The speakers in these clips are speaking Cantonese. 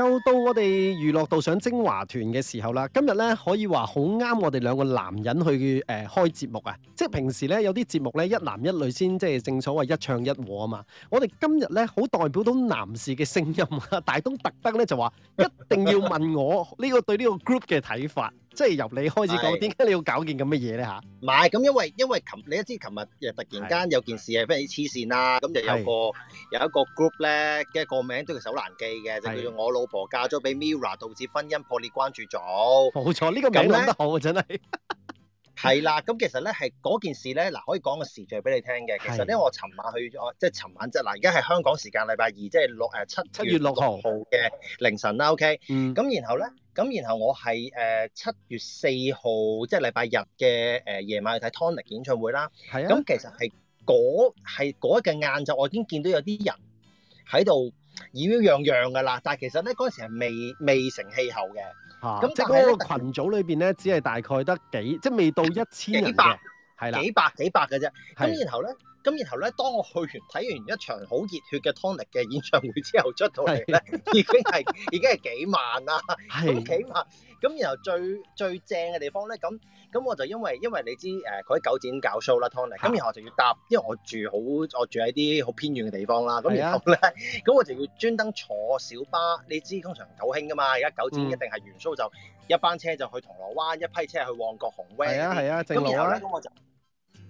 又到我哋娛樂道上精華團嘅時候啦，今日咧可以話好啱我哋兩個男人去誒、呃、開節目啊！即係平時咧有啲節目咧一男一女先，即係正所謂一唱一和啊嘛。我哋今日咧好代表到男士嘅聲音啊！大東特登咧就話一定要問我呢個對呢個 group 嘅睇法， 即係由你開始講，點解你要搞件咁嘅嘢咧嚇？唔係咁，因為因為琴你一知，琴日誒突然間有件事係非常之黐線啦，咁就的有個有一個 group 咧，嘅個名都係手難記嘅，就叫做我老的的婆嫁咗俾 Mirror，導致婚姻破裂，關注組冇錯，呢、這個名諗得好真係係啦。咁呢 其實咧，係嗰件事咧，嗱、啊、可以講個時序俾你聽嘅。的其實咧，我尋晚去咗，即係尋晚即係嗱，而家係香港時間禮拜二，即係六誒七、呃、七月六號嘅凌晨啦。OK，咁、嗯、然後咧，咁然後我係誒、呃、七月四號即係禮拜日嘅誒、呃、夜晚去睇 Tony 嘅演唱會啦。係啊的，咁其實係嗰係嗰日嘅晏晝，我已經見到有啲人喺度。樣樣嘅啦，但係其實咧嗰陣時係未未成氣候嘅，嚇咁即係嗰個羣組裏邊咧，只係大概得幾即係未到一千人幾百，係啦是的，幾百幾百嘅啫。咁是的 然後咧，咁然後咧，當我去完睇完一場好熱血嘅 ToNick 嘅演唱會之後出到嚟咧，是的 已經係 已經係幾萬啦，係是的 幾萬。咁然後最最正嘅地方咧，咁、嗯、咁我就因為因為你知誒，佢、呃、喺九展搞 show 啦，Tony。咁、啊、然後我就要搭，因為我住好，我住喺啲好偏遠嘅地方啦。咁、啊、然後咧，咁、嗯、我就要專登坐小巴。你知通常九興㗎嘛？而家九展、嗯、一定係完 show 就一班車就去銅鑼灣，一批車去旺角紅威，係啊係啊，正路啊，咁、啊啊、然後咧，咁如我就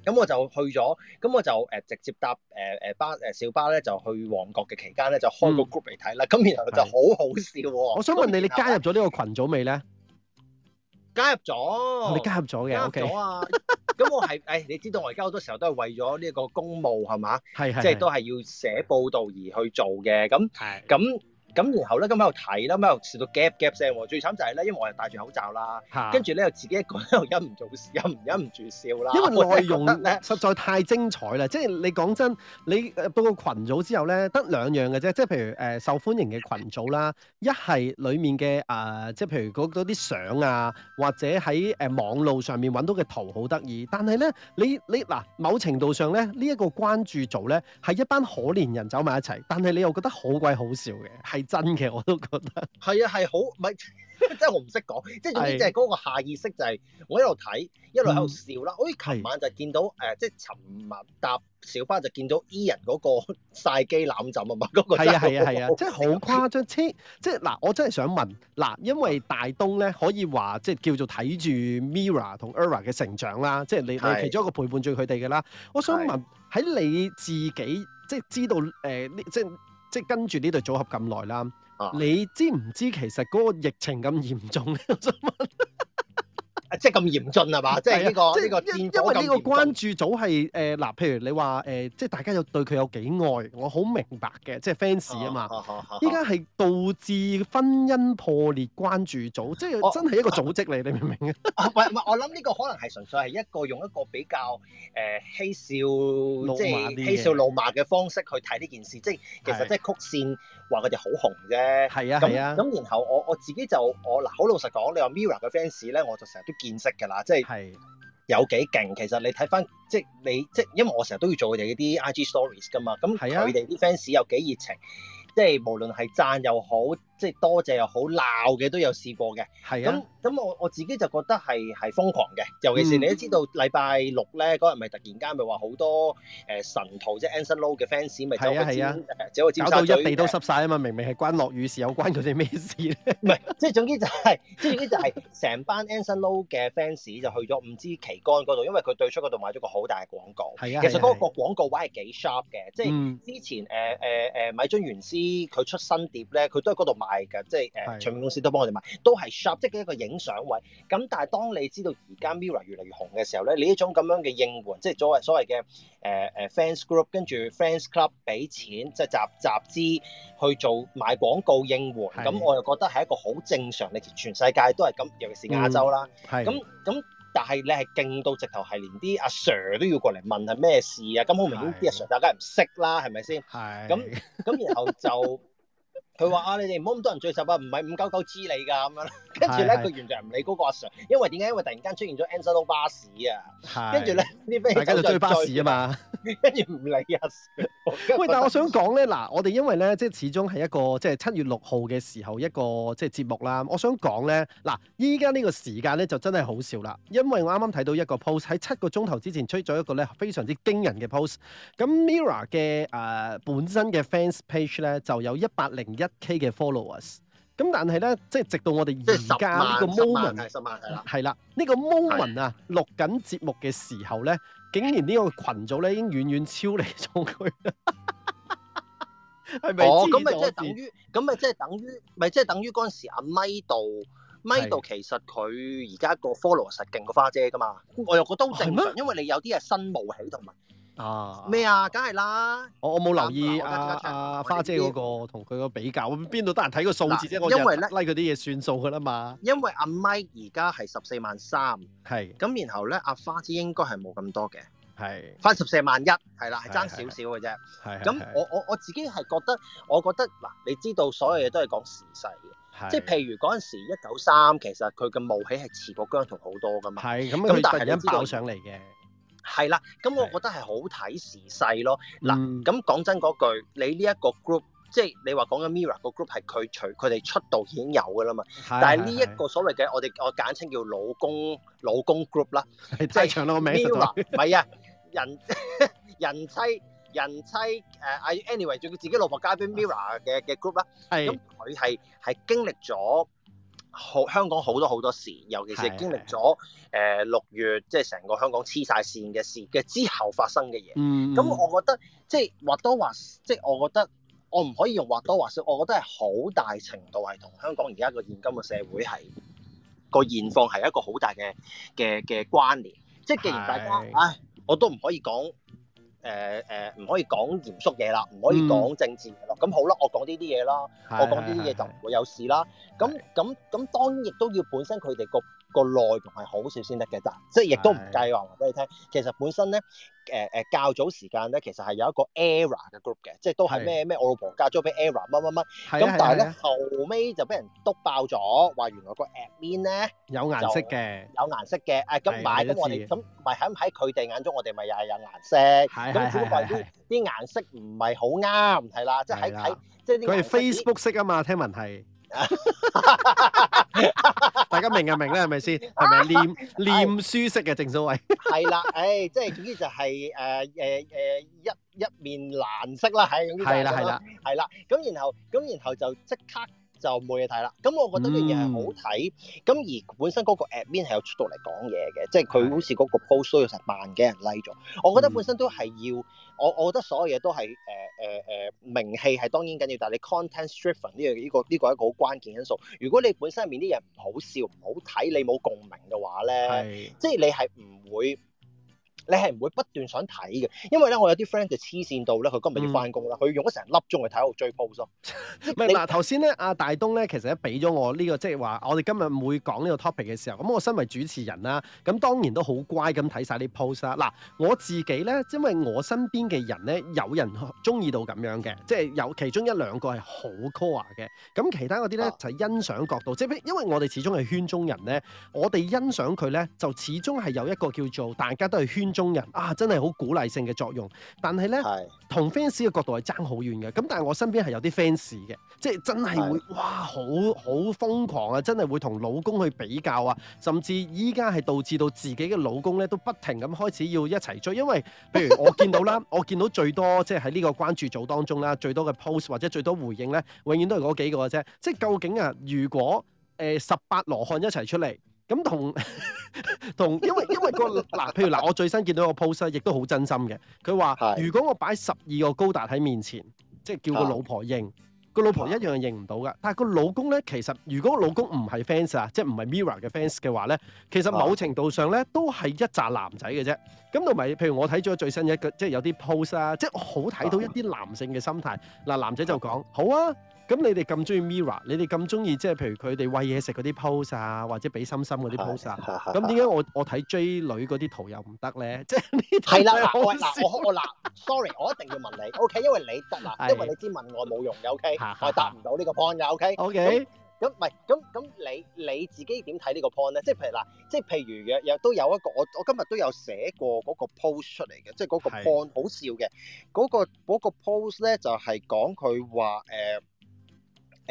咁、嗯、我，我就去咗，咁我就誒直接搭誒誒巴誒小巴咧，就去旺角嘅期間咧，就開個 group 嚟睇啦。咁然後就好好笑喎。我想問你，你加入咗呢個群組未咧？的加入咗，你加入咗嘅，加入咗啊！咁 Okay. 我係，誒、哎，你知道我而家好多時候都係為咗呢個公務係嘛，即係是都係要寫報道而去做嘅，咁，咁的。咁然後咧，咁喺度睇啦，喺度笑到 gap gap 聲喎。最慘就係咧，因為我又戴住口罩啦，跟住咧又自己一個喺度忍唔住笑，忍唔忍唔住笑啦。因為內容實在太精彩啦， 即係你講真，你到個群組之後咧，得兩樣嘅啫，即係譬如誒、呃、受歡迎嘅群組啦，一係裡面嘅誒、呃，即係譬如嗰啲相啊，或者喺誒網路上面揾到嘅圖好得意，但係咧你你嗱、呃、某程度上咧呢一、這個關注組咧係一班可憐人走埋一齊，但係你又覺得好鬼好笑嘅，係。真嘅，我都覺得係啊，係好唔係？即係我唔識講，即係總之即係嗰個下意識就係我一路睇一路喺度笑啦。好似琴晚就見到誒，即係尋日搭小巴就見到 E 人嗰個曬機攬枕啊嘛，嗰個係，係啊係啊，即係好誇張，即係嗱，我真係想問嗱，因為大東咧可以話即係叫做睇住 Mira 同 Era 嘅成長啦，即係你你其中一個陪伴住佢哋嘅啦。我想問喺你自己即係知道誒呢即係。即跟住呢對組合咁耐啦，oh。你知唔知其實嗰個疫情咁嚴重咧？我想問。即係咁嚴峻係嘛？即係呢個，即係因為呢個關注組係誒嗱，譬如你話誒、呃，即係大家對有對佢有幾愛，我好明白嘅，即係 fans 啊嘛。依家係導致婚姻破裂關注組，哦、即係真係一個組織嚟，啊、你明唔明？唔係唔係，我諗呢個可能係純粹係一個用一個比較誒嬉、呃、笑，即係嬉笑怒罵嘅方式去睇呢件事，即係其實即係曲線。話佢哋好紅啫，係啊，咁咁、啊，然後我我自己就我嗱，好老實講，你話 Mirror 嘅 fans 咧，我就成日都見識㗎啦，即係有幾勁。其實你睇翻即係你即係，因為我成日都要做佢哋嗰啲 IG stories 噶嘛，咁佢哋啲 fans 有幾熱情，啊、即係無論係讚又好。即係多謝又好，鬧嘅都有試過嘅，係啊，咁咁我我自己就覺得係係瘋狂嘅，尤其是你都知道禮拜六咧嗰日咪突然間咪話好多誒神徒即係 Anson Lo 嘅 fans 咪走嚟走搞到一地都濕晒啊嘛！明明係關落雨事，有關佢哋咩事咧？唔係，即係總之就係，即係總之就係成班 Anson Lo 嘅 fans 就去咗唔知旗杆嗰度，因為佢對出嗰度買咗個好大嘅廣告，係啊，其實嗰個廣告位係幾 sharp 嘅，即係之前誒誒誒米津玄師佢出新碟咧，佢都喺嗰度係噶，即係誒唱片公司都幫我哋買，都係 shop，即係一個影相位。咁但係當你知道而家 Mirror 越嚟越紅嘅時候咧，你一種咁樣嘅應援，即係所謂所謂嘅誒誒 fans group，跟住 fans club 俾錢，即係集集資去做買廣告應援。咁我又覺得係一個好正常，你全世界都係咁，尤其是亞洲啦。咁咁，但係你係勁到直頭係連啲阿 Sir 都要過嚟問係咩事啊？咁好明啲阿 Sir 大家唔識啦，係咪先？係。咁咁，然後就。佢話啊，你哋唔好咁多人聚集啊，唔係五九九黐你㗎咁樣。跟住咧，佢完全唔理嗰個阿 Sir，因為點解？因為突然間出現咗 Anson Lo 巴士啊，跟住咧呢啲，大家就追巴士啊嘛。跟住唔理阿 Sir。喂，但係我想講咧，嗱，我哋因為咧，即係始終係一個即係七月六號嘅時候一個即係節目啦。我想講咧，嗱，依家呢個時間咧就真係好笑啦，因為我啱啱睇到一個 post 喺七個鐘頭之前出咗一個咧非常之驚人嘅 post。咁 Mirror 嘅誒本身嘅 fans page 咧就有一百零一 K 嘅 followers，咁但係咧，即係直到我哋而家呢個 moment，十萬，係啦，呢、呢個 moment 啊，的錄緊節目嘅時候咧，竟然呢個群組咧已經遠遠超離咗佢，係 咪是？咁咪即係等於，咁咪即係等於，咪即係等於嗰陣時阿咪度，咪度的其實佢而家個 followers 勁過花姐噶嘛，我又覺得好正常，嗎因為你有啲係新冒起同埋。啊！咩啊？梗係啦。我我冇留意阿阿花姐嗰個同佢個比較，邊度得閒睇個數字啫？我因為咧拉佢啲嘢算數噶啦嘛。因為阿米而家係十四萬三，係咁，然後咧阿花姐應該係冇咁多嘅，係翻十四萬一，係啦，係爭少少嘅啫。係咁，我我我自己係覺得，我覺得嗱，你知道所有嘢都係講時勢嘅，即係譬如嗰陣時一九三，其實佢嘅冒起係遲過姜濤好多噶嘛。係咁咁，但係突然爆上嚟嘅。係啦，咁我覺得係好睇時勢咯。嗱、嗯，咁講真嗰句，你呢一個 group，即係你話講緊 Mirror 個 group 係佢除佢哋出道已經有噶啦嘛。是是但係呢一個所謂嘅我哋我簡稱叫老公老公 group 啦，的即係長到個名啦。唔係啊，人人妻人妻誒，阿、uh, Anyway 仲要自己老婆嫁俾 Mirror 嘅嘅 group 啦。係咁的，佢係係經歷咗。好香港好多好多事，尤其是經歷咗誒六月，即係成個香港黐晒線嘅事嘅之後發生嘅嘢。咁、嗯嗯、我覺得即係或多或即係我覺得我唔可以用或多或少，我覺得係好大程度係同香港而家個現今嘅社會係個現況係一個好大嘅嘅嘅關聯。即係既然大家是 唉，我都唔可以講。誒誒，唔、呃呃、可以講嚴肅嘢啦，唔可以講政治啦。咁、嗯、好啦，我講呢啲嘢啦，的我講呢啲嘢就唔會有事啦。咁咁咁，那的當然亦都要本身佢哋個。個內容係好少先得嘅，但即係亦都唔計話話俾你聽。其實本身咧，誒誒較早時間咧，其實係有一個 ERROR 嘅 group 嘅，即係都係咩咩我老婆嫁咗俾 ERROR 乜乜乜。咁但係咧，後尾就俾人篤爆咗，話原來個 admin 咧有顏色嘅，有顏色嘅。誒咁咪咁我哋咁咪喺喺佢哋眼中，我哋咪又係有顏色。咁結果啲啲顏色唔係好啱，係啦，即係喺喺即係。佢係 Facebook 色啊嘛，聽聞係。 大家明啊明咧，係咪先？係咪 念念書式嘅正所謂？係 啦，唉、哎，即係總之就係誒誒誒一一面藍色啦，係呢啲地啦。係啦，咁的然後咁然後就即刻。就冇嘢睇啦。咁我覺得啲嘢係好睇。咁、嗯、而本身嗰個 admin 係有出度嚟講嘢嘅，即係佢好似嗰個 post 都有成萬幾人 like 咗。嗯、我覺得本身都係要我，我覺得所有嘢都係誒誒誒，名氣係當然緊要，但係你 content stripping 呢樣呢個呢、呢個、呢個、係一個好關鍵因素。如果你本身入面啲嘢唔好笑、唔好睇、你冇共鳴嘅話咧，是即係你係唔會。你係唔會不斷想睇嘅，因為咧我有啲 friend 就黐線到咧，佢今日要翻工啦，佢用咗成粒鐘去睇我追 post 咯 你。唔係嗱，頭先咧阿大東咧，其實咧俾咗我呢、呢個即係話，就是、我哋今日會講呢個 topic 嘅時候，咁我身為主持人啦，咁當然都好乖咁睇晒啲 post 啦。嗱，我自己咧，因為我身邊嘅人咧，有人中意到咁樣嘅，即係有其中一兩個係好 core 嘅，咁其他嗰啲咧就係欣賞角度，即係、啊、因為我哋始終係圈中人咧，我哋欣賞佢咧就始終係有一個叫做大家都係圈中。中人啊，真係好鼓勵性嘅作用，但係咧，同 fans 嘅角度係爭好遠嘅。咁但係我身邊係有啲 fans 嘅，即係真係會是哇，好好瘋狂啊！真係會同老公去比較啊，甚至依家係導致到自己嘅老公咧都不停咁開始要一齊追。因為，譬如我見到啦， 我見到最多即係喺呢個關注組當中啦，最多嘅 post 或者最多回應咧，永遠都係嗰幾個嘅啫。即係究竟啊，如果誒，十八羅漢一齊出嚟？咁同同，因為因為個嗱，譬如嗱，我最新見到個 post 咧，亦都好真心嘅。佢話：Hi. 如果我擺十二個高達喺面前，即係叫個老婆認，個 Hi. 老婆一樣認唔到噶。但係個老公咧，其實如果老公唔係 fans 啊，即係唔係 Mirror 嘅 fans 嘅話咧，其實某程度上咧都係一紮男仔嘅啫。咁同埋譬如我睇咗最新一個，即係有啲 post 啊，即係好睇到一啲男性嘅心態。嗱，男仔就講：Hi. 好啊。咁你哋咁中意 Mirror 你哋咁中意即係譬如佢哋喂嘢食嗰啲 pose 啊，或者俾心心嗰啲 pose 啊。咁點解我我睇 J 女嗰啲圖又唔得咧？即係呢啲係啦，嗱 我我嗱，sorry，我一定要問你，OK？因為你得嗱， 因為你知問我冇用嘅，OK？我 答唔到呢個 point 嘅，OK？OK？咁咁唔係咁咁，okay? Okay? 你你自己點睇呢個 point 咧？即係譬如嗱，即係譬如若若都有一個我我今日都有寫過嗰個 pose 出嚟嘅，即係嗰個 point 好笑嘅嗰、那個 pose 咧，那個、就係講佢話誒。呃誒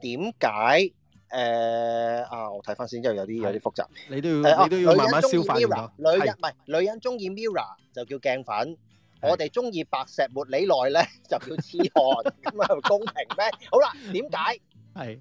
點解誒啊？我睇翻先，因為有啲有啲複雜，你都要你都要慢慢消化。女人唔係女人中意 Mirror 就叫鏡粉，我哋中意白石抹你內咧就叫黐汗，咁啊公平咩？好啦，點解？係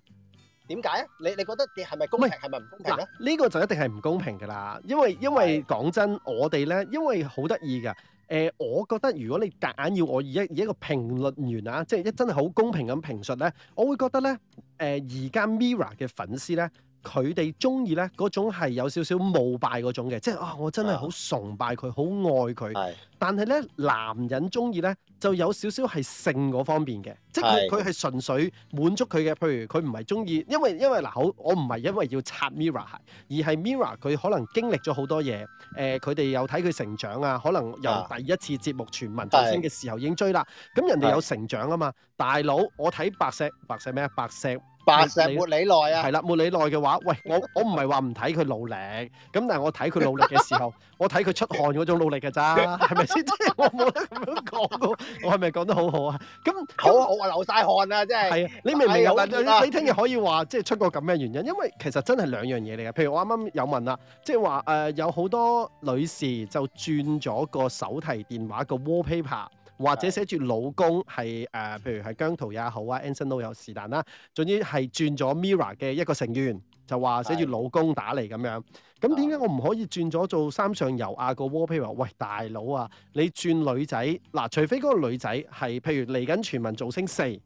點解啊？你你覺得你係咪公平？係咪唔公平咧？呢個就一定係唔公平噶啦，因為因為講真，我哋咧，因為好得意噶。誒、呃，我覺得如果你夾硬要我以一以一個評論員啊，即係一真係好公平咁評述咧，我會覺得咧，誒而家 Mirror 嘅粉絲咧。佢哋中意咧嗰種係有少少膜拜嗰種嘅，即係啊，我真係好崇拜佢，好愛佢。是但係咧，男人中意咧就有少少係性嗰方面嘅，即係佢佢係純粹滿足佢嘅。譬如佢唔係中意，因為因為嗱好，我唔係因為要刷 Mirror 而係 Mirror 佢可能經歷咗好多嘢。誒、呃，佢哋又睇佢成長啊，可能由第一次節目全民追星嘅時候已經追啦。咁是人哋有成長啊嘛，大佬，我睇白石白石咩啊白石。八成冇你耐啊，係啦，冇你耐嘅話，喂，我我唔係話唔睇佢努力，咁但係我睇佢努力嘅時候， 我睇佢出汗嗰種努力噶咋，係咪先？即係 我冇得咁樣講噶，我係咪講得好好啊？咁好那好啊，好我流晒汗啊，真係。係啊，你明明有，你聽日可以話即係出個咁嘅原因，因為其實真係兩樣嘢嚟嘅。譬如我啱啱有問啦，即係話誒有好多女士就轉咗個手提電話個 wallpaper。或者寫住老公係誒、呃，譬如係姜濤也好啊 Anson 都有是但啦，總之係轉咗 Mirror 嘅一個成員，就話寫住老公打嚟咁的樣。咁點解我唔可以轉咗做三上悠亞個 wallpaper 話喂大佬啊，你轉女仔嗱、啊，除非嗰個女仔係譬如嚟緊全民造星四。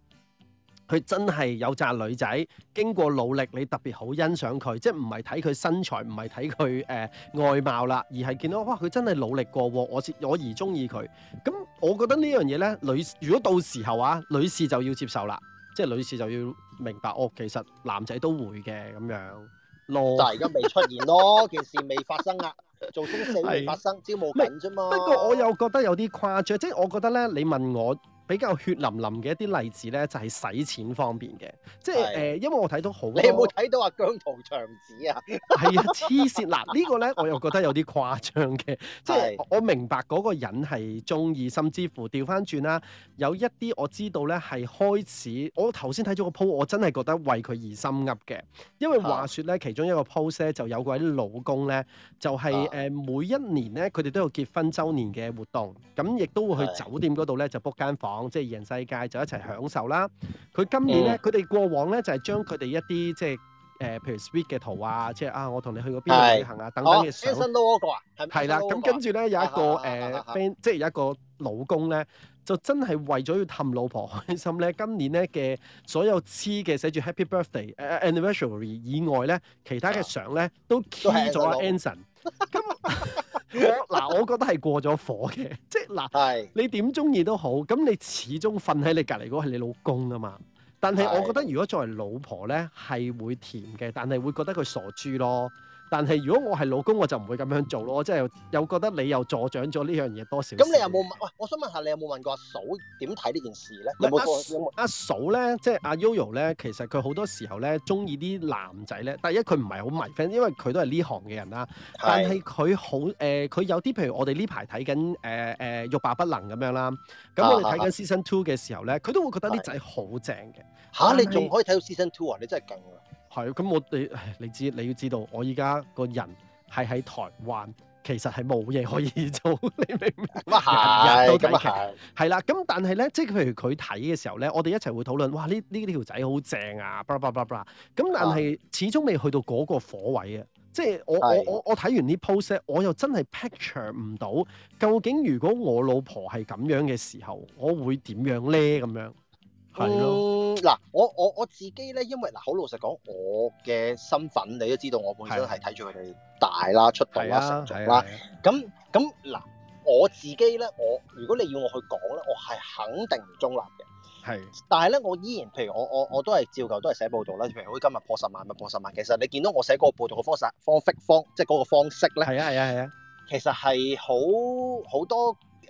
佢真係有扎女仔，經過努力，你特別好欣賞佢，即係唔係睇佢身材，唔係睇佢誒外貌啦，而係見到哇，佢真係努力過，我我而中意佢。咁、嗯、我覺得呢樣嘢咧，女如果到時候啊，女士就要接受啦，即係女士就要明白，哦，其實男仔都會嘅咁樣咯。但而家未出現咯，件 事未發生啊，做事未發生，是招募緊啫嘛。不過我又覺得有啲誇張，即係我覺得咧，你問我，比較血淋淋嘅一啲例子咧，就係、是、使錢方面嘅，即係誒的、呃，因為我睇到好，你有冇睇到阿姜糖長子啊？係 啊，黐線！嗱、這個、呢個咧，我又覺得有啲誇張嘅，的即係我明白嗰個人係中意，甚至乎調翻轉啦，有一啲我知道咧係開始，我頭先睇咗個 post 我真係覺得為佢而心噏嘅，因為話説咧，其中一個 post 咧就有位老公咧，就係、是、誒每一年咧，佢哋都有結婚周年嘅活動，咁亦都會去酒店嗰度咧就 book 間房。的即係二人世界就一齊享受啦！佢今年咧，佢哋、嗯、過往咧就係、是、將佢哋一啲即係誒，譬如 sweet 嘅圖啊，嗯、即係啊，我同你去過邊度旅行啊是等等嘅相。都攞過啊，係啦、那個。咁跟住咧有一個誒 friend，、啊啊啊呃、即係有一個老公咧，就真係為咗要氹老婆開心咧，今年咧嘅所有黐嘅寫住 Happy Birthday 誒、uh、Anniversary 以外咧，其他嘅相咧都黐咗啊 Anson。咁我嗱， 我覺得係過咗火嘅。即係嗱，是你點中意都好，咁你始終瞓喺你隔籬嗰個係你老公啊嘛，但係我覺得如果作為老婆咧係會甜嘅，但係會覺得佢傻豬咯。但係如果我係老公，我就唔會咁樣做咯，即係又覺得你又助長咗呢樣嘢多少。咁你有冇問？喂、哎，我想問下你有冇問過阿嫂點睇呢件事咧？阿是阿嫂咧，即係阿 Yoyo 咧，其實佢好多時候咧中意啲男仔咧。第一佢唔係好迷 friend，因為佢都係呢行嘅人啦。的但係佢好誒，佢、呃、有啲譬如我哋呢排睇緊誒誒欲罷不能咁樣啦。咁我哋睇緊 Season Two 嘅時候咧，佢都會覺得啲仔好正嘅。嚇的！你仲可以睇到 Season Two 啊？你，你真係勁啊！係，咁我你你知你要知道，我依家個人係喺台灣，其實係冇嘢可以做，你明唔明？乜係？ 咁啊係。 嗯、係啦，咁但係咧，即係譬如佢睇嘅時候咧，我哋一齊會討論，哇！呢呢條仔好正啊，咁 bl、ah、但係、啊、始終未去到嗰個火位啊，即係我是我我我睇完啲 post，我又真係 picture 唔到，究竟如果我老婆係咁樣嘅時候，我會點樣咧？咁樣。咁嗱，我我我自己咧，因為嗱，好老實講，我嘅身份你都知道，我本身係睇住佢哋大啦、出道啦、成長啦。咁咁嗱，我自己咧，我如果你要我去講咧，我係肯定唔中立嘅。係。但係咧，我依然譬如我我我都係照舊都係寫報道啦。譬如好似今日破十萬，咪破十萬。其實你見到我寫嗰個報道嘅方式方式方，即係嗰個方式咧。係啊係啊係啊。其實係好好多。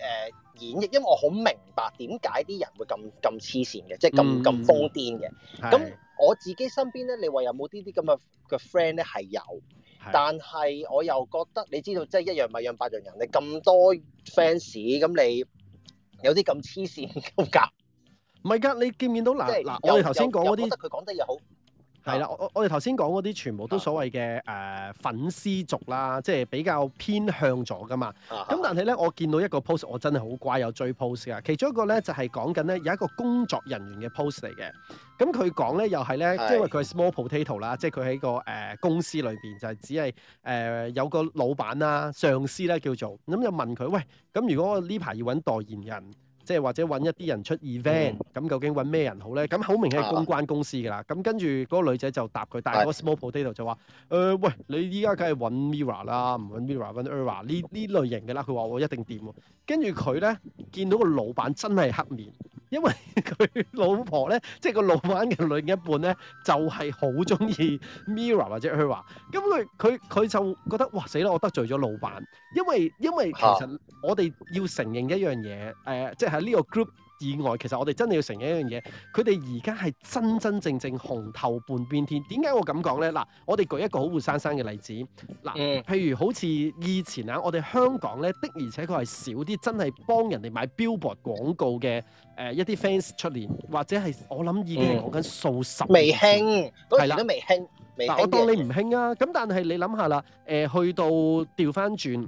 誒、呃、演繹，因為我好明白點解啲人會咁咁黐線嘅，即係咁咁瘋癲嘅。咁的我自己身邊咧，你話有冇啲啲咁嘅嘅 friend 咧？係有，的但係我又覺得你知道，即係一樣咪養百樣人，你咁多 fans，咁你有啲咁黐線咁夾？唔係㗎，你見唔見到嗱嗱，我哋頭先講我覺得佢講得又好。係啦，我我哋頭先講嗰啲全部都所謂嘅誒粉絲族啦，即係比較偏向咗噶嘛。咁、uh huh. 但係咧，我見到一個 post，我真係好乖有追 post 噶。其中一個咧就係講緊咧有一個工作人員嘅 post 嚟嘅。咁佢講咧又係咧，因為佢係 small potato 啦，的即係佢喺個誒、呃、公司裏邊就係只係誒、呃、有個老闆啦、啊、上司咧叫做咁，就問佢喂，咁如果我呢排要揾代言人，即係或者揾一啲人出 event，咁究竟揾咩人好咧？咁好明顯係公關公司㗎啦。咁跟住嗰個女仔就答佢，但係個 small potato 就話：誒、呃、喂，你依家梗係揾 Mirror 啦，唔揾 Mirror，揾 Error 呢呢類型㗎啦。佢話我一定掂喎。跟住佢咧見到個老闆真係黑面，因為佢老婆咧，即、就、係、是、個老闆嘅另一半咧，就係、是、好中意 Mirror 或者 Error。咁佢佢佢就覺得：哇死啦！我得罪咗老闆，因為因為其實我哋要承認一樣嘢，誒、呃、即係。呢個 group 以外，其實我哋真係要承認一樣嘢，佢哋而家係真真正正紅透半邊天。點解我咁講咧？嗱，我哋舉一個好活生生嘅例子，嗱，嗯、譬如好似以前啊，我哋香港咧的，的，的，而且確係少啲真係幫人哋買 billboard 廣告嘅誒一啲 fans 出年，或者係我諗已經係講緊數十未興，係、嗯、啦都未興。我當你唔興啊！咁、嗯、但係你諗下啦，誒、呃、去到調翻轉，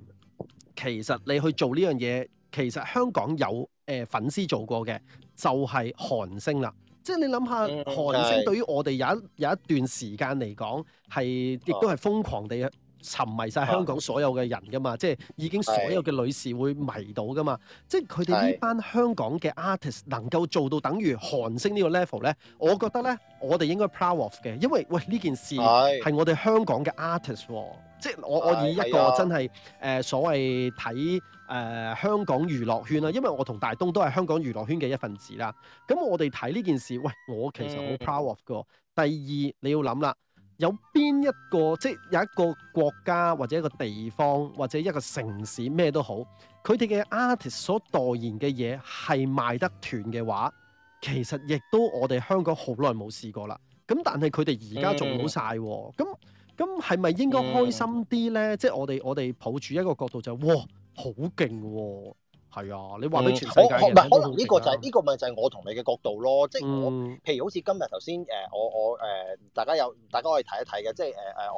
其實你去做呢樣嘢，其實香港有。誒粉絲做過嘅就係、是、韓星啦，即係你諗下，嗯、韓星對於我哋有一是有一段時間嚟講係，亦都係瘋狂地沉迷晒香港所有嘅人噶嘛，是即係已經所有嘅女士會迷到噶嘛，是即係佢哋呢班香港嘅 artist 能夠做到等於韓星呢個 level 咧，我覺得咧，我哋應該 proud of 嘅，因為喂呢件事係我哋香港嘅 artist、啊、是即係我我以一個真係誒、呃、所謂睇。誒、呃、香港娛樂圈啦、啊，因為我同大東都係香港娛樂圈嘅一份子啦。咁我哋睇呢件事，喂，我其實好 proud of 嘅。第二你要諗啦，有邊一個即係有一個國家或者一個地方或者一個城市咩都好，佢哋嘅 artist 所代言嘅嘢係賣得斷嘅話，其實亦都我哋香港好耐冇試過啦。咁但係佢哋而家做好晒，咁咁係咪應該開心啲咧？即係我哋我哋抱住一個角度就係，哇！好勁喎！係、哦、啊，你話俾全世界人，嗯、可能呢個就係、是、呢、這個咪就係我同你嘅角度咯，即係我、嗯、譬如好似今日頭先誒，我我誒、呃、大家有大家可以睇一睇嘅，即係誒誒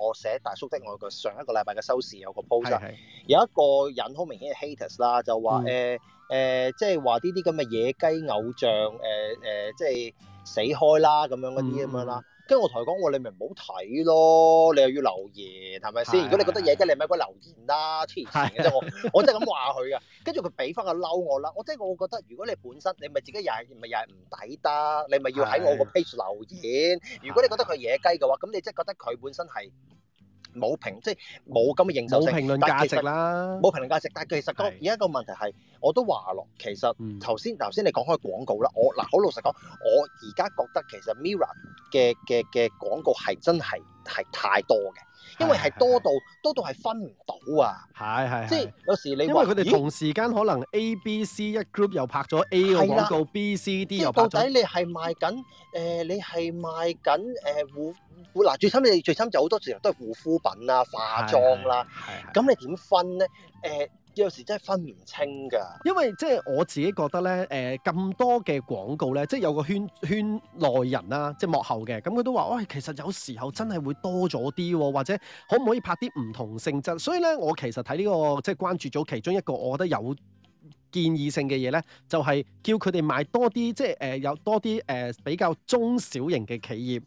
我寫大叔的我個上一個禮拜嘅收視有個 post 啦是，有一個人好明顯嘅 haters 啦，就話誒誒即係話呢啲咁嘅野雞偶像誒誒、呃呃、即係死開啦咁樣嗰啲咁樣啦。嗯跟住我同佢講你咪唔好睇咯，你又要留言係咪先？如果你覺得野雞，你咪鬼留言啦，黐線嘅即我，我真係咁話佢嘅。跟住佢俾翻個嬲我啦，我即係我覺得如果你本身你咪自己又係咪又係唔抵得，你咪要喺我個 page 留言。如果你覺得佢野雞嘅話，咁你即係覺得佢本身係。冇評，即係冇咁嘅認受性。冇評論價值啦，冇評論價值。但係其實個而家個問題係，是我都話咯，其實頭先頭先你講開廣告啦，我嗱好、嗯、老實講，我而家覺得其實 Mirror 嘅嘅嘅廣告係真係係太多嘅。因為係多到多到係分唔到啊！係係，即係有時你因為佢哋同時間可能 A、B、C 一 group 又拍咗 A 個廣告，B、C、D 又拍。咁到底你係賣緊誒？你係賣緊誒護護嗱？最深你最深就好多時候都係護膚品啦、化妝啦。係咁你點分咧？誒？有時真係分唔清㗎，因為即係我自己覺得咧，誒、呃、咁多嘅廣告咧，即係有個圈圈內人啦、啊，即係幕後嘅，咁佢都話，喂、哎，其實有時候真係會多咗啲、哦，或者可唔可以拍啲唔同性質？所以咧，我其實睇呢、呢個即係關注咗其中一個，我覺得有建議性嘅嘢咧，就係、係、叫佢哋買多啲，即係誒有多啲誒、呃、比較中小型嘅企業。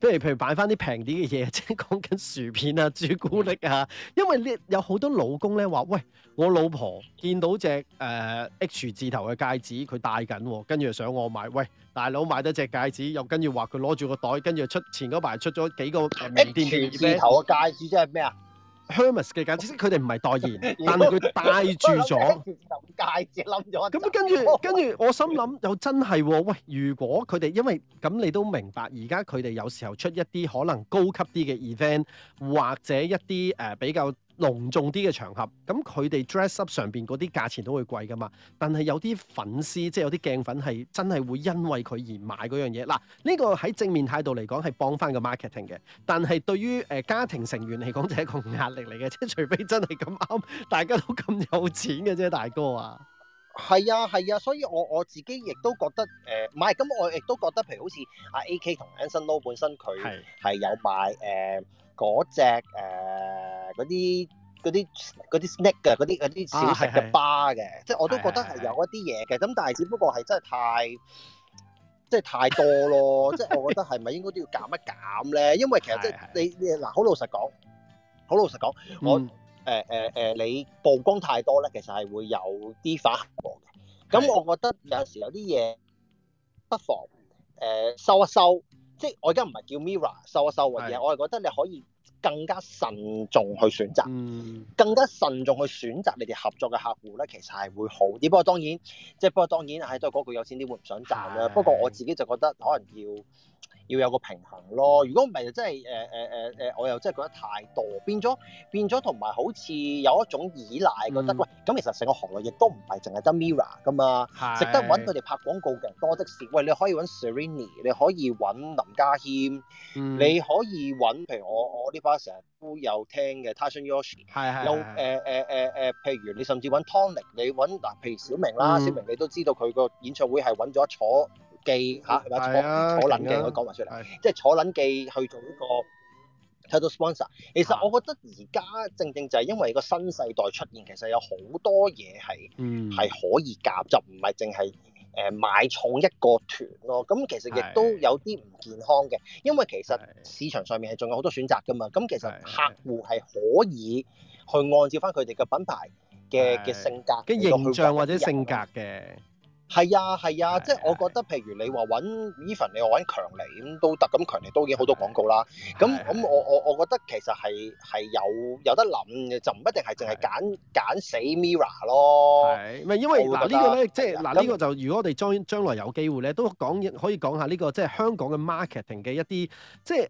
不如，譬如擺翻啲平啲嘅嘢，即係講緊薯片啊、朱古力啊，因為咧有好多老公咧話，喂，我老婆見到隻誒、呃、H 字頭嘅戒指，佢戴緊喎，跟住就想我買。喂，大佬買多隻戒指，又跟住話佢攞住個袋，跟住出前嗰排出咗幾個誒電器。呃、H 字頭嘅戒指即係咩啊？Hermes 嘅簡，即使佢哋唔係代言，但係佢 戴住咗。咁 跟住，跟住我心諗又真係喎。喂，如果佢哋因為咁，你都明白而家佢哋有時候出一啲可能高級啲嘅 event，或者一啲誒、呃、比較，隆重啲嘅場合，咁佢哋 dress up 上邊嗰啲價錢都會貴噶嘛。但係有啲粉絲，即係有啲鏡粉係真係會因為佢而買嗰樣嘢嗱。呢個喺正面態度嚟講係幫翻個 marketing 嘅，但係對於誒家庭成員嚟講就係一個壓力嚟嘅。即係除非真係咁啱，大家都咁有錢嘅啫，大哥啊，係啊係啊。所以我我自己亦都覺得誒，唔係咁，我亦都覺得譬如好似阿 AK 同 Anson Lo 本身佢係係有買誒。是呃嗰隻誒嗰啲嗰啲嗰啲 snack 嘅嗰啲嗰啲小食嘅 bar 嘅，即係、啊、我都覺得係有一啲嘢嘅，咁是但係只不過係真係太即係 太多咯， 即係我覺得係咪應該都要減一減咧？因為其實即、就、係、是、是是 你嗱好老實講，好老實講，嗯、我誒誒誒你曝光太多咧，其實係會有啲反效果嘅。咁我覺得有時有啲嘢不妨誒、呃、收，收一收。即係我而家唔係叫 Mirror 收一收嘅嘢，是我係覺得你可以更加慎重去選擇，嗯、更加慎重去選擇你哋合作嘅客戶咧，其實係會好啲。不過當然，即係不過當然，係、哎、都係嗰句有錢啲會唔想賺啦。是不過我自己就覺得可能要。要有個平衡咯，如果唔係，就真係誒誒誒誒，我又真係覺得太多，變咗變咗，同埋好似有一種依賴，嗯、覺得喂，咁其實成個行內亦都唔係淨係得 Mirror 噶嘛，值是得搵佢哋拍廣告嘅多的是，喂，你可以搵 Serrini 你可以搵林家謙，嗯、你可以搵，譬如我我呢排成日都有聽嘅 Tyson Yoshi，有誒誒誒誒，譬如你甚至搵 Tony，你搵嗱、呃，譬如小明啦，嗯、小明你都知道佢個演唱會係搵咗一坐。記吓，坐、啊、坐冷記，我講埋出嚟安，即係坐冷記去做呢個，Total Sponsor。其實我覺得而家正正就係因為個新世代出現，其實有好多嘢係係可以夾，就唔係淨係誒買重一個團咯。咁其實亦都有啲唔健康嘅，因為其實市場上面係仲有好多選擇噶嘛。咁其實客戶係可以去按照返佢哋嘅品牌嘅嘅性格嘅形象或者性格嘅。係啊，係啊，啊即係我覺得，譬如你話揾 Even，你話揾強尼咁都得，咁強尼都已經好多廣告啦。咁咁我我我覺得其實係係有有得諗，就唔一定係淨係揀揀死 Mirror 咯。係、啊，唔係因為嗱呢個咧，即係嗱呢個就如果我哋將將來有機會咧，都講可以講下呢、呢個即係香港嘅 marketing 嘅一啲即係誒、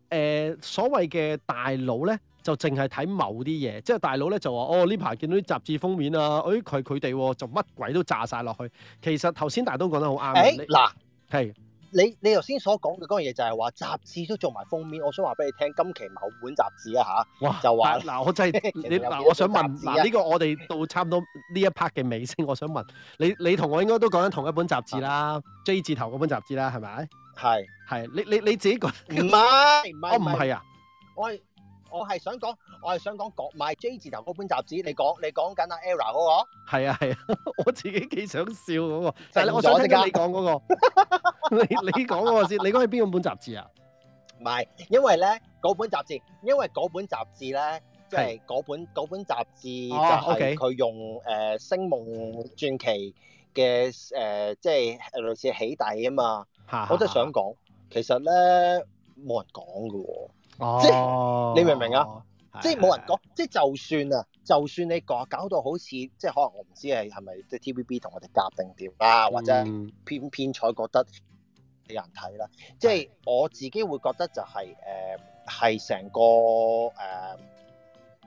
呃、所謂嘅大佬咧。就淨係睇某啲嘢，即係大佬咧就話：哦呢排見到啲雜誌封面啊，誒佢佢哋做乜鬼都炸晒落去。其實頭先大家都講得好啱。誒嗱，係你你頭先所講嘅嗰樣嘢就係話雜誌都做埋封面。我想話俾你聽，今期某本雜誌啊吓，哇就話嗱，我真係你嗱，我想問嗱呢個我哋到差唔多呢一 part 嘅尾聲，我想問你你同我應該都講緊同一本雜誌啦，J 字頭嗰本雜誌啦，係咪？係係你你你自己講，唔係我，唔係啊，我我係想講，我係想講講買 J 字頭嗰本雜誌。你講，你講緊啊 Era 嗰個？係啊係啊，我自己幾想笑嗰、那個，了但係我想聽你講嗰、那個。 你你講嗰個先，你講係邊個本雜誌啊？唔係，因為咧嗰本雜誌，因為嗰本雜誌咧，即係嗰本是本雜誌就係佢、啊 okay、用誒、呃《星夢傳奇》嘅、呃、誒，即係類似起底啊嘛。 我真係想講，其實咧冇人講㗎喎。即係、哦、你明唔明啊？是即係冇人講，是即係就算啊，就算你講搞到好似即係可能我唔知係係咪即係 TVB 同我哋夾定點啦，或者偏偏、嗯、彩覺得啲人睇啦。即係我自己會覺得就係誒係成個誒。嗯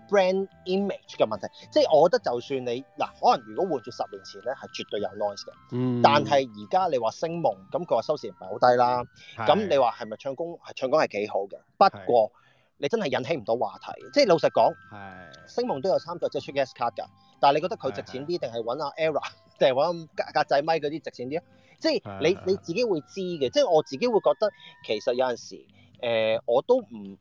brand image 嘅問題，即係我覺得就算你嗱，可能如果換住十年前咧，係絕對有 noise 嘅。但係而家你話聲夢咁，佢話收視唔係好低啦。咁你話係咪唱功係唱功係幾好嘅？不過你真係引起唔到話題。即係老實講。係。聲夢都有參賽即係出 gas card 㗎，但係你覺得佢值錢啲，定係揾阿 Era 定係揾格仔咪嗰啲值錢啲咧？即係你你自己會知嘅。即係我自己會覺得其實有陣時誒我都唔。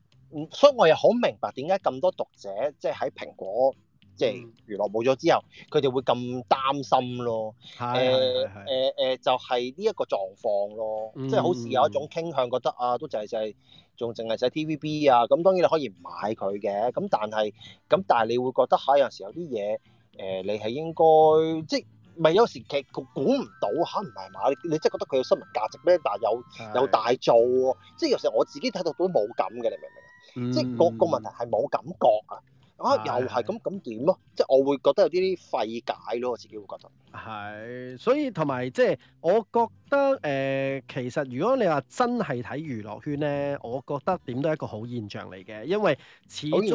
所以我又好明白點解咁多讀者即係喺蘋果即係娛樂冇咗之後，佢哋會咁擔心咯。係係係就係呢一個狀況咯，即係好似有一種傾向，覺得啊，都淨係淨係仲淨係睇 TVB 啊。咁、嗯、當然你可以唔買佢嘅，咁但係咁但係你會覺得嚇有時有啲嘢誒，你係應該即係咪有時其實估唔到吓唔係嘛？你即係覺得佢有新聞價值咩？但係有有大做喎，啊，係係即係有時我自己睇到都冇咁嘅，你明唔明？嗯、即係個個問題係冇感覺啊！啊，是又係咁咁點咯？即係我會覺得有啲啲費解咯，我自己會覺得係。所以同埋即係，我覺得誒、呃，其實如果你話真係睇娛樂圈咧，我覺得點都係一個好現象嚟嘅，因為始終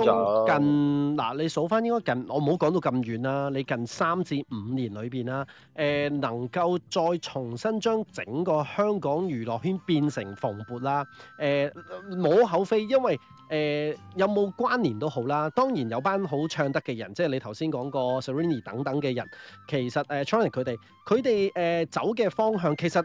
近嗱，你數翻應該近，我唔好講到咁遠啦。你近三至五年裏邊啦，誒、呃，能夠再重新將整個香港娛樂圈變成蓬勃啦，誒、呃，冇口非，因為。誒有冇關聯都好啦，當然有班好唱得嘅人，即係你頭先講過 Serrini 等等嘅人，其實誒 t r o n y 佢哋佢哋誒走嘅方向，其實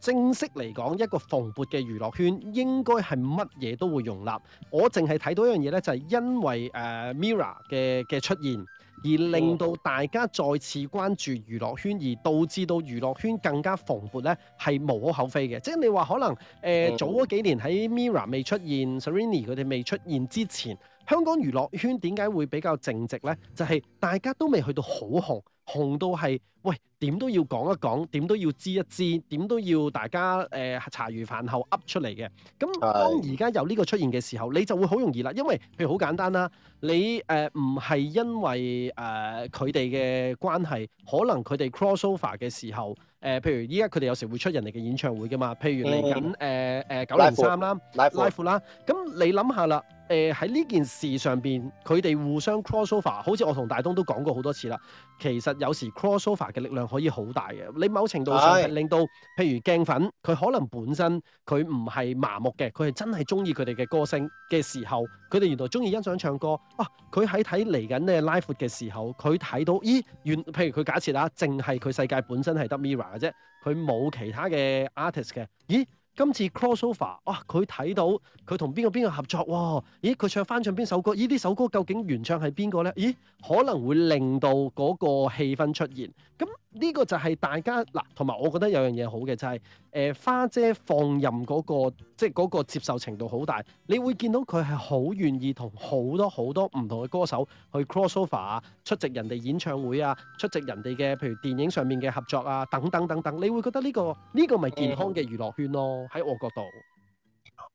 正式嚟講一個蓬勃嘅娛樂圈應該係乜嘢都會容納。我淨係睇到一樣嘢咧，就係、是、因為誒、呃、Mirror 嘅嘅出現。而令到大家再次關注娛樂圈，而導致到娛樂圈更加蓬勃咧，係無可厚非嘅。即係你話可能誒、呃、早嗰幾年喺 Mirror 未出現，Serrini 佢哋未出現之前。香港娛樂圈點解會比較正直咧？就係、是、大家都未去到好紅，紅到係喂點都要講一講，點都要知一知，點都要大家誒、呃、茶餘飯後噏出嚟嘅。咁當而家有呢個出現嘅時候，你就會好容易啦。因為譬如好簡單啦，你誒唔係因為誒佢哋嘅關係，可能佢哋 cross over 嘅時候誒、呃，譬如依家佢哋有時會出人哋嘅演唱會㗎嘛。譬如嚟緊誒誒九零三啦，拉闊 Life. Live. 啦。咁你諗下啦。誒喺呢件事上邊，佢哋互相 crossover，好似我同大東都講過好多次啦。其實有時 crossover 嘅力量可以好大嘅。你某程度上令到，譬如鏡粉，佢可能本身佢唔係麻木嘅，佢係真係中意佢哋嘅歌聲嘅時候，佢哋原來中意欣賞唱歌。哇、啊！佢喺睇嚟緊嘅 live 嘅時候，佢睇到，咦？原譬如佢假設啦，淨係佢世界本身係得 Mirror 嘅啫，佢冇其他嘅 artist 嘅，咦？今次 Crossover，哇、啊！佢睇到佢同邊個邊個合作喎、哦？咦，佢唱翻唱邊首歌？咦，呢啲首歌究竟原唱係邊個咧？咦，可能會令到嗰個氣氛出現，咁。呢個就係大家嗱，同埋我覺得有樣嘢好嘅就係、是，誒、呃、花姐放任嗰、那個，即係嗰個接受程度好大。你會見到佢係好願意很多很多同好多好多唔同嘅歌手去 crossover 啊，出席人哋演唱會啊，出席人哋嘅譬如電影上面嘅合作啊，等等等等。你會覺得呢、這個呢、這個咪健康嘅娛樂圈咯，喺我角度。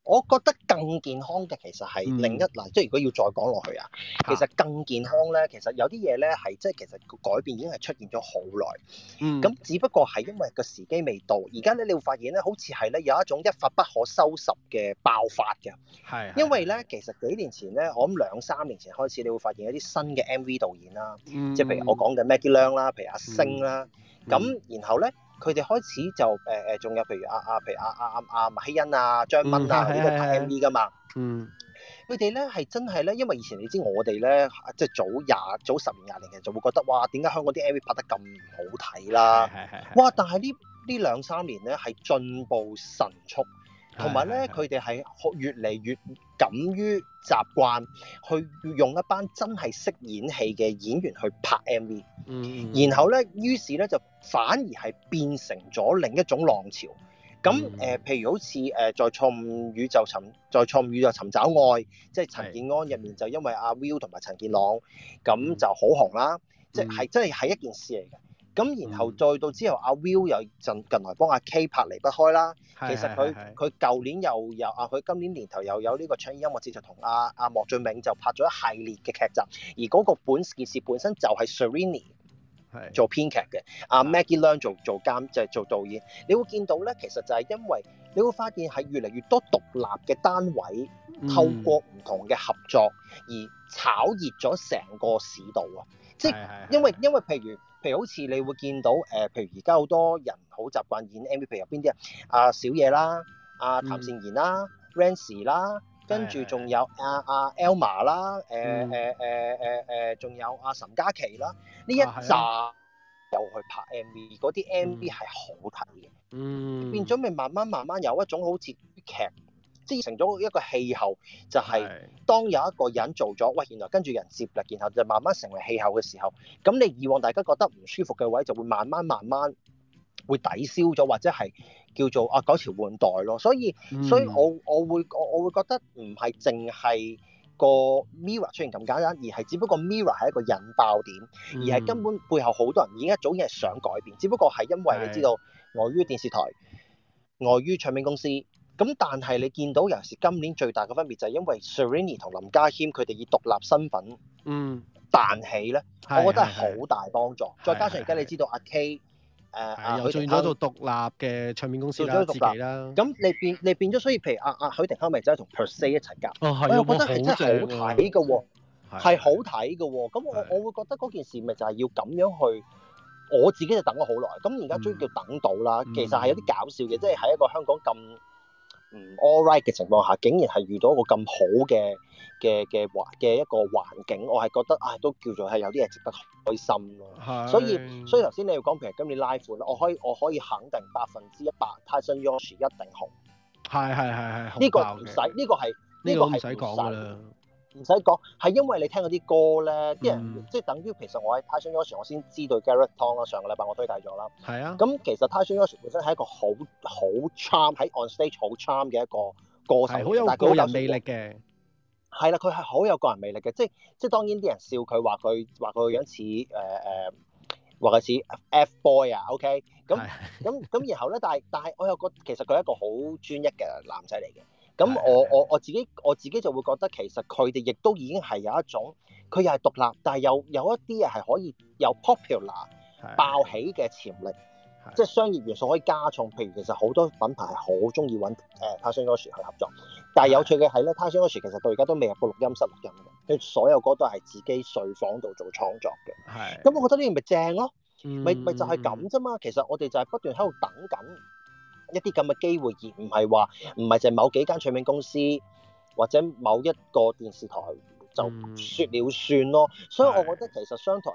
我覺得更健康嘅其實係另一嗱，嗯、即係如果要再講落去啊，其實更健康咧，其實有啲嘢咧係即係其實改變已經係出現咗好耐，咁、嗯、只不過係因為個時機未到。而家咧，你會發現咧，好似係咧有一種一發不可收拾嘅爆發嘅，因為咧其實幾年前咧，我諗兩三年前開始，你會發現一啲新嘅 MV 導演啦，嗯、即係譬如我講嘅 Maggie Lung 啦，譬如阿星啦，咁然後咧。嗯嗯嗯佢哋開始就誒誒，仲、呃、有譬如阿、啊、阿，譬如阿阿阿阿麥曦茵啊、張蚊啊，呢啲、嗯、拍 MV 噶嘛。嗯。佢哋咧係真係咧，因為以前你知我哋咧，即係早廿、早十年、廿年嘅人就會覺得哇，點解香港啲 MV 拍得咁好睇啦？係係。哇！啊嗯嗯、哇但係呢呢兩三年咧係進步神速。同埋咧，佢哋係學越嚟越敢於習慣，去用一班真係識演戲嘅演員去拍 MV。嗯。然後咧，於是咧就反而係變成咗另一種浪潮。咁誒、嗯呃，譬如好似誒、呃，在錯誤宇宙尋，在錯誤宇宙尋找愛，即係陳建安入面就因為阿 Will 同埋陳建朗，咁就好紅啦。即係係真係係一件事嚟嘅。咁然後再到之後，阿 Will 又近近來幫阿 K 拍離不開啦。其實佢佢舊年又有啊，佢今年年頭又有呢個唱演音樂節就同阿阿莫俊銘就拍咗一系列嘅劇集。而嗰個本件事本身就係 Serrini 做編劇嘅，阿 Maggie Lung 做做監就係做導演。你會見到咧，其實就係因為你會發現係越嚟越多獨立嘅單位透過唔同嘅合作而炒熱咗成個市道啊！即係因為因為譬如。譬如好似你會見到誒、呃，譬如而家好多人好習慣演 MV，譬如有邊啲啊？阿小野啦，阿、啊、譚善言啦、嗯，Rance 啦，跟住仲有阿阿 Elma 啦，誒誒誒誒誒，仲有阿岑嘉琪啦，呢一紮又去拍 MV，嗰啲 MV 係好睇嘅，嗯，嗯，變咗咪慢慢慢慢有一種好似劇。變成咗一個氣候，就係、是、當有一個人做咗，喂，原來跟住人接力，然後就慢慢成為氣候嘅時候，咁你以往大家覺得唔舒服嘅位，就會慢慢慢慢會抵消咗，或者係叫做啊改朝換代咯。所以，嗯、所以我我會我我會覺得唔係淨係個 Mirror 出現咁簡單，而係只不過 Mirror 係一個引爆點，嗯、而係根本背後好多人已經一早已經想改變，只不過係因為你知道礙於、嗯嗯、電視台、礙於唱片公司。咁但係你見到尤其是今年最大嘅分別就係因為 Serrini 同林家謙佢哋以獨立身份，嗯，彈起咧，我覺得係好大幫助。再加上而家你知道阿 K，誒阿許，搞獨立嘅唱片公司啦，自己啦。咁你變你變咗，所以譬如阿阿許廷鏗咪真係同 Percy 一齊夾。啊係，我覺得係真係好睇嘅喎，係好睇嘅喎。咁我我會覺得嗰件事咪就係要咁樣去，我自己就等咗好耐。咁而家終於叫等到啦，其實係有啲搞笑嘅，即係喺一個香港咁。唔 all right 嘅情況下，竟然係遇到一個咁好嘅嘅嘅環嘅一個環境，我係覺得啊，都叫做係有啲嘢值得開心咯是。所以所以頭先你要講譬如今年 Live 款咧，我可以我可以肯定百分之一百，Tyson Yoshi 一定紅。係係係係，呢個唔使，呢是個係呢個係唔使講啦。唔使講，係因為你聽嗰啲歌咧，啲人、嗯、即係等於其實我喺《Tyson Yoshi》我先知道 Garrett Tong 啦。上個禮拜我推介咗啦。係啊。咁其實《Tyson Yoshi》本身係一個好好 charm 喺 on stage 好 charm 嘅一個個體，係好有個人魅力嘅。係啦，佢係好有個人魅力嘅，即係即係當然啲人笑佢話佢話佢樣似誒誒，話佢似 F boy 啊。OK，咁咁咁，然後咧，但係但係我又覺其實佢係一個好專一嘅男仔嚟嘅。 咁我我我自己我自己就會覺得其實佢哋亦都已經係有一種，佢又係獨立，但係又有一啲嘢係可以有 popular 爆起嘅潛力，是是即係商業元素可以加重。譬如其實好多品牌係好鍾意揾誒 Tasha Ocean 去合作，但係有趣嘅係咧，Tasha Ocean 其實到而家都未入過錄音室錄音嘅，所有歌都係自己睡房度做創作嘅。係。咁我覺得呢樣咪正咯，咪咪、嗯、就係咁啫嘛。其實我哋就係不斷喺度等緊。一啲咁嘅機會，而唔係話唔係淨係某幾間唱片公司或者某一個電視台就説了算咯。嗯、所以我覺得其實商台，誒、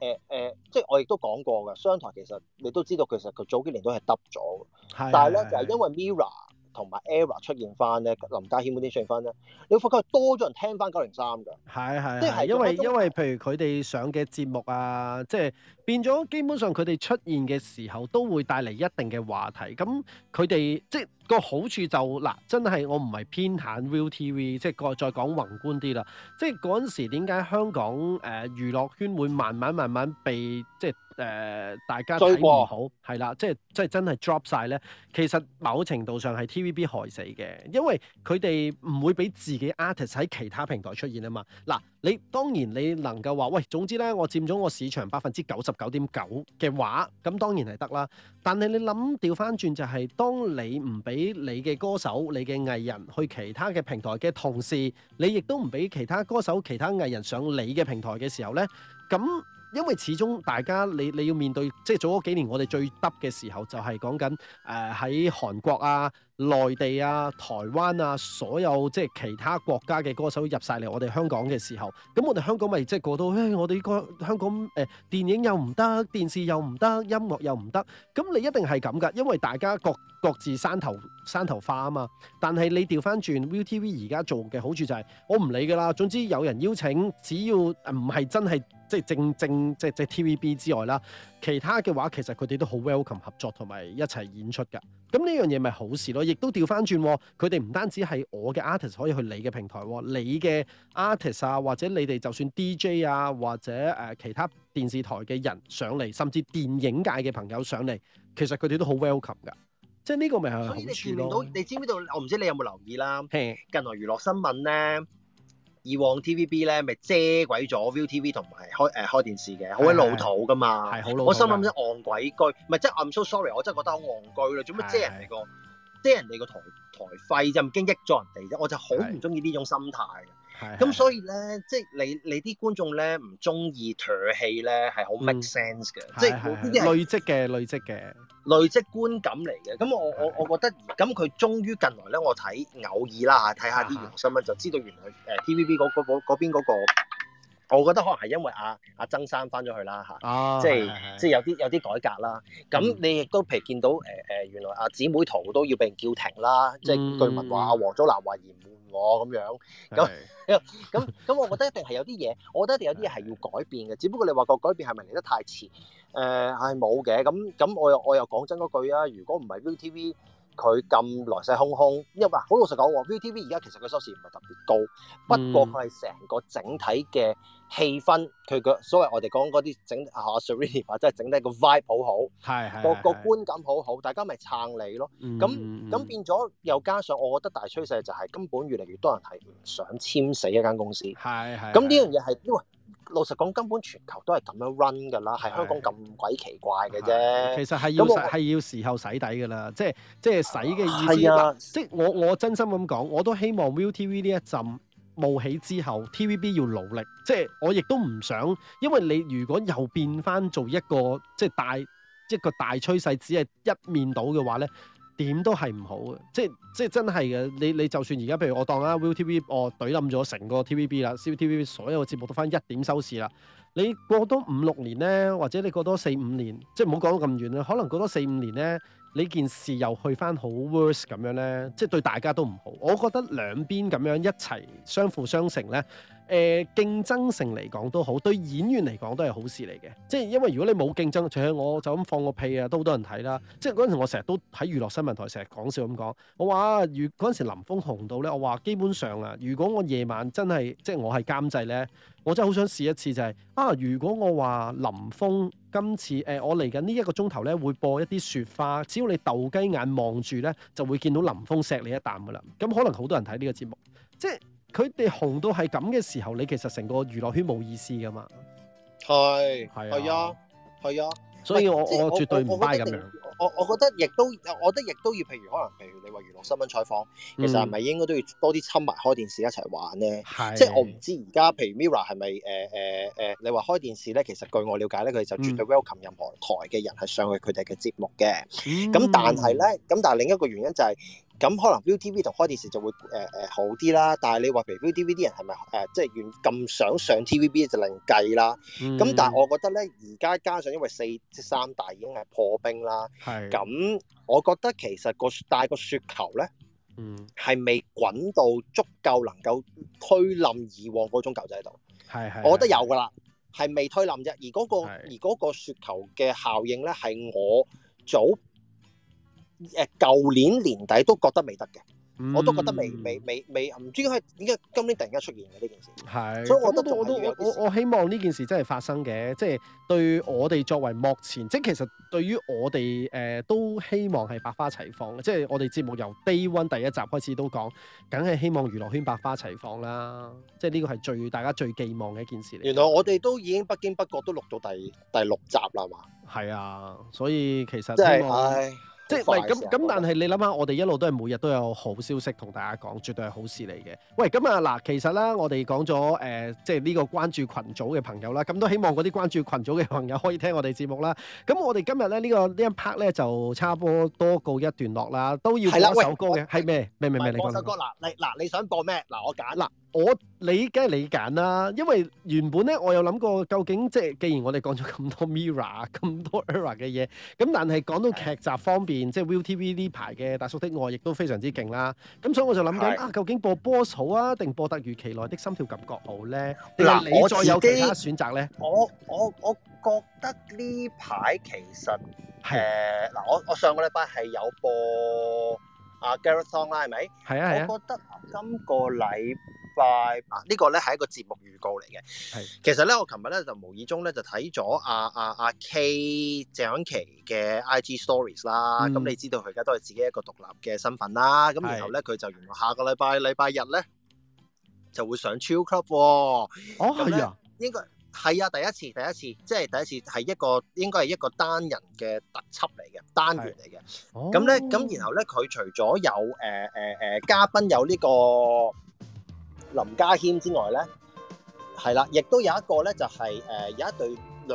呃、誒、呃，即係我亦都講過嘅，商台其實你都知道，其實佢早幾年都係得咗。係的，但係咧就係、是、因為 Mirror 同埋 Era、e、出現翻咧，林家謙嗰啲出現翻咧，你會覺得多咗人聽翻九零三㗎。係係，即係因為因為譬如佢哋上嘅節目啊，即係。變咗基本上佢哋出現嘅時候都會帶嚟一定嘅話題，咁佢哋即係、個好處就嗱，真係我唔係偏袒 ViuTV，即係再再講宏觀啲啦，即係嗰陣時點解香港誒、呃、娛樂圈會慢慢慢慢被即係誒、呃、大家睇唔好，係啦過，即係即係真係 drop 晒咧。其實某程度上係 TVB 害死嘅，因為佢哋唔會俾自己 artist 喺其他平台出現啊嘛。嗱，你當然你能夠話喂，總之咧我佔咗我市場百分之九十九點九嘅話，咁當然係得啦。但係你諗調翻轉，就係、是、當你唔俾你嘅歌手、你嘅藝人去其他嘅平台嘅同時，你亦都唔俾其他歌手、其他藝人上你嘅平台嘅時候呢。咁。因為始終大家你你要面對，即係早嗰幾年我哋最耷嘅時候，就係講緊誒喺韓國啊、內地啊、台灣啊，所有即係其他國家嘅歌手入晒嚟我哋香港嘅時候，咁我哋香港咪即係過到、哎，我哋香港誒、呃、電影又唔得，電視又唔得，音樂又唔得，咁你一定係咁噶，因為大家各各自山頭山頭化啊嘛。但係你調翻轉 ViuTV 而家做嘅好處就係、是、我唔理噶啦，總之有人邀請，只要唔係真係。即係正正即係 TVB 之外啦，其他嘅話其實佢哋都好 welcome 合作同埋一齊演出嘅。咁呢樣嘢咪好事咯，亦都調翻轉，佢哋唔單止係我嘅 artist 可以去你嘅平台，你嘅 artist 啊，或者你哋就算 DJ 啊，或者誒、呃、其他電視台嘅人上嚟，甚至電影界嘅朋友上嚟，其實佢哋都好 welcome 噶。即係呢個咪係好處咯。所以你，你知唔知道？我唔知你有冇留意啦。的近來娛樂新聞咧。以往 TVB 咧咪遮鬼咗 ViuTV 同埋開誒、呃、開電視嘅，好鬼老土噶嘛。係好老土。我心諗即係戇鬼居，唔係即係 I'm so sorry，我真係覺得好戇居啦，做乜遮人哋個的遮人哋個台台費啫，唔經益咗人哋啫，我就好唔中意呢種心態咁的所以咧，即係你你啲觀眾咧唔中意唾戲咧係好 make sense 嘅，嗯、即係好啲人累積嘅累積嘅。累積觀感嚟嘅，咁我我我覺得，咁佢終於近來咧，我睇偶爾啦，睇下啲娛樂新聞就知道，原來誒、呃、TVB 嗰、那、嗰部嗰邊嗰個。那我覺得可能係因為阿、啊、阿、啊、曾生翻咗去啦嚇，啊啊、是是是即係即係有啲有啲改革啦。咁你亦都譬如見到誒誒、呃，原來阿、啊、姊妹圖都要被人叫停啦。即係據聞話阿王祖藍話嫌悶喎咁樣咁咁咁，是 我覺得一定係有啲嘢，我覺得一定有啲嘢係要改變嘅。只不過你話個改變係咪嚟得太遲？誒係冇嘅。咁咁我，我又我又講真嗰句啊，如果唔係 Viu T V 佢咁來勢洶洶，因為好老實講 Viu T V 而家其實佢收視唔係特別高，不過佢係成個整體嘅。嗯.氣氛佢個所謂我哋講嗰啲整啊，surreal 即係整得個 vibe 好好，係係個個觀感好好，是是是大家咪撐你咯。咁咁、嗯嗯嗯、變咗又加上，我覺得大趨勢就係根本越嚟越多人係唔想簽死一間公司，係係。咁呢樣嘢係因為老實講，根本全球都係咁樣 run 㗎啦，係香港咁鬼奇怪嘅啫。其實係要係我要時候洗底㗎啦，即係即係洗嘅意思。啊、即係我我，我真心咁講，我都希望 ViuTV 呢一浸。冒起之後，TVB 要努力，即係我亦都唔想，因為你如果又變翻做一個即係大一個大趨勢，只係一面倒嘅話咧，點都係唔好嘅，即係即係真係嘅。你你就算而家譬如我當啦 ViuTV 我隊冧咗成個 TVB 啦，CCTV 所有嘅節目都翻一點收視啦。你過多五六年咧，或者你過多四五年，即係唔好講咁遠啦，可能過多四五年咧。呢件事又去翻好 worse 咁樣呢？即係對大家都唔好。我覺得兩邊咁樣一齊相輔相成呢。誒、呃、競爭性嚟講都好，對演員嚟講都係好事嚟嘅。即係因為如果你冇競爭，除喺我就咁放個屁啊，都好多人睇啦。即係嗰陣時，我成日都喺娛樂新聞台成日講笑咁講，我話、啊、如嗰陣時林峯紅到咧，我話基本上啊，如果我夜晚真係即係我係監製咧，我真係好想試一次就係、是、啊，如果我話林峯今次誒、啊，我嚟緊呢一個鐘頭咧會播一啲雪花，只要你鬥雞眼望住咧，就會見到林峯錫你一啖㗎喇。咁可能好多人睇呢個節目，即係。佢哋紅到係咁嘅時候，你其實成個娛樂圈冇意思噶嘛？係係是啊，係啊，所以我我，我，我絕對唔係咁樣。我我覺得亦都，我覺得亦都要。譬如可能，譬如你話娛樂新聞採訪，其實係咪應該都要多啲親埋開電視一齊玩咧？是即係我唔知而家譬如 Mirror 係咪誒誒誒、呃呃呃，你話開電視咧？其實據我了解咧，佢哋就絕對 welcome 任何台嘅人係、嗯、上去佢哋嘅節目嘅。咁、嗯、但係咧，咁但係另一個原因就係、是。咁可能 ViuTV 同開電視就會誒誒、呃呃、好啲啦，但係你話譬如 ViuTV 啲人係咪誒即係願咁想上 TVB 就另計啦。咁、嗯、但係我覺得咧，而家加上因為四即三大已經係破冰啦。係是。咁我覺得其實、嗰個但係個雪球咧，嗯，係未滾到足夠能夠推冧以往嗰種舊制度。係係。我覺得有㗎啦，係未推冧啫。而嗰、嗰個而嗰個雪球嘅效應咧，係我早。誒舊年年底都覺得未得嘅，嗯、我都覺得未未未未唔知點解今年突然間出現嘅呢件事，係是，所以我都我都我我希望呢件事真係發生嘅，即係對於我哋作為幕前，即係其實對於我哋誒、呃、都希望係百花齊放，即係我哋節目由 Day1 第一集開始都講，梗係希望娛樂圈百花齊放啦，即係呢個係最大家最寄望嘅一件事嚟。原來我哋都已經不經不覺都錄到第第六集啦嘛，係啊，所以其實即係、就是、唉。即係唔係咁咁？但係你諗下，我哋一路都係每日都有好消息同大家講，絕對係好事嚟嘅。喂，咁啊嗱，其實啦，我哋講咗誒，即係呢個關注群組嘅朋友啦，咁都希望嗰啲關注群組嘅朋友可以聽我哋節目啦。咁我哋今日咧呢個呢一 part 咧就差唔多告一段落啦，都要播首歌嘅，係咩？咩咩咩？你播首歌嗱，你嗱你想播咩？嗱我揀啦。我理梗係你揀啦，因為原本咧我有諗過，究竟即係既然我哋講咗咁多 mirror 咁多 Error 嘅嘢，咁但係講到劇集方面，的即係 ViuTV 呢排嘅《大叔的愛》亦都非常之勁啦。咁所以我就諗緊的啊，究竟播波好啊，定播突如其來的心跳感覺好咧？嗱，我再有其他選擇咧？我我我覺得呢排其實，係嗱的、呃，我我上個禮拜係有播啊 Gareth Song 啦，係咪？係啊我覺得今個禮。的快啊！呢個咧係一個節目預告嚟嘅。係其實咧，我琴日咧就無意中咧就睇咗阿阿阿 K 鄭安琪嘅 I G Stories 啦。咁你、嗯、知道佢而家都係自己一個獨立嘅身份啦。咁然後咧，佢就原來下個禮拜禮拜日咧就會上 Chill Club 哦。係、哦、啊，應該係啊，第一次，第一次，即係第一次係一個應該係一個單人嘅特輯嚟嘅單元嚟嘅。咁咧，咁、哦、然後咧，佢除咗有誒誒誒嘉賓有呢個。呃呃呃林家謙之外咧，係啦，亦都有一個咧、就係，就係誒有一對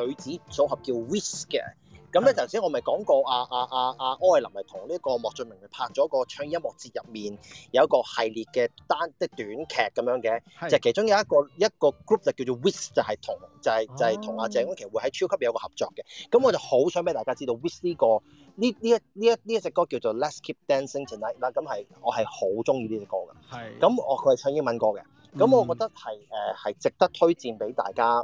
女子組合叫 WHIZZ 嘅。咁咧，頭先我咪講過啊啊啊啊，柯、啊、偉、啊、林咪同呢個莫俊明咪拍咗個唱音樂節入面有一個系列嘅單即短劇咁樣嘅，是的 就其中有一個一個 group 就叫做 WHIZZ，就係同就係、是、就係同阿謝安琪會喺 Chill Club 有個合作嘅。咁我就好想俾大家知道 WHIZZ 呢、呢個。呢呢一呢隻歌叫做 Let's Keep Dancing Tonight，嗱咁係我係好鍾意呢隻歌㗎，咁是我佢係唱英文歌嘅，咁我覺得係誒、嗯呃、值得推薦俾大家。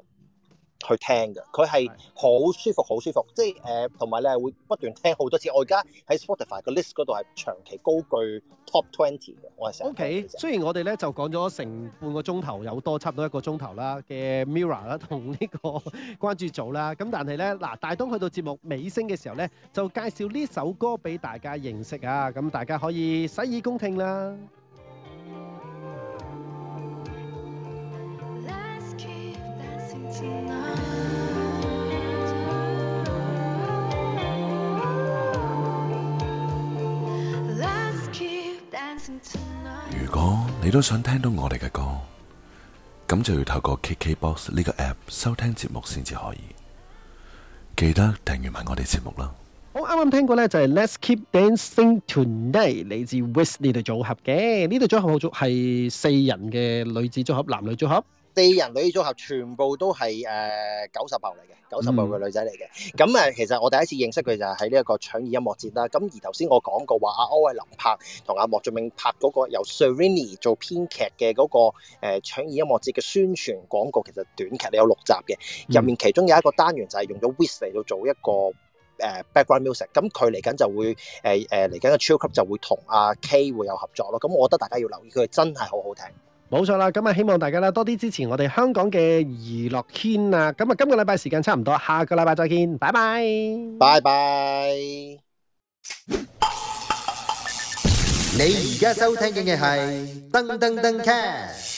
去聽嘅，佢係好舒服，好舒服，即係誒，同埋咧會不斷聽好多次。我而家喺 Spotify 個 list 嗰度係長期高居 top twenty 嘅。我係想 OK，雖然我哋咧就講咗成半個鐘頭有多，差唔多一個鐘頭啦嘅 Mirror 啦，同呢個關注組啦，咁但係咧嗱，大東去到節目尾聲嘅時候咧，就介紹呢首歌俾大家認識啊，咁大家可以洗耳恭聽啦。 如果你都想聽到我哋嘅歌，咁就要透過 KKBOX 呢個 App 收聽節目先至可以。記得訂閱埋我哋節目啦。我啱啱聽過呢，就係 Let's Keep Dancing Tonight 嚟自 WHIZZ 隊組合嘅。呢隊組合好足，係四人嘅女子組合，男女組合。四人女組合全部都係誒九十後嚟嘅，九十後嘅女仔嚟嘅。咁誒、嗯，其實我第一次認識佢就係喺呢一個搶耳音樂節啦。咁而頭先我講過話，阿歐偉林拍同阿莫俊明拍嗰個由 Serrini 做編劇嘅嗰個誒搶耳音樂節嘅宣傳廣告，其實短劇有六集嘅，入面其中有一個單元就係用咗 WHIZZ 嚟到做一個誒 background music、嗯。咁佢嚟緊就會誒誒嚟緊嘅 Chill Club 就會同阿 K 會有合作咯。咁我覺得大家要留意佢真係好好聽。冇錯啦，咁啊，希望大家啦多啲支持我哋香港嘅娛樂圈啊！咁啊，今個禮拜時間差唔多，下個禮拜再見，拜拜，拜拜。你而家收聽緊嘅係噔噔噔 cast。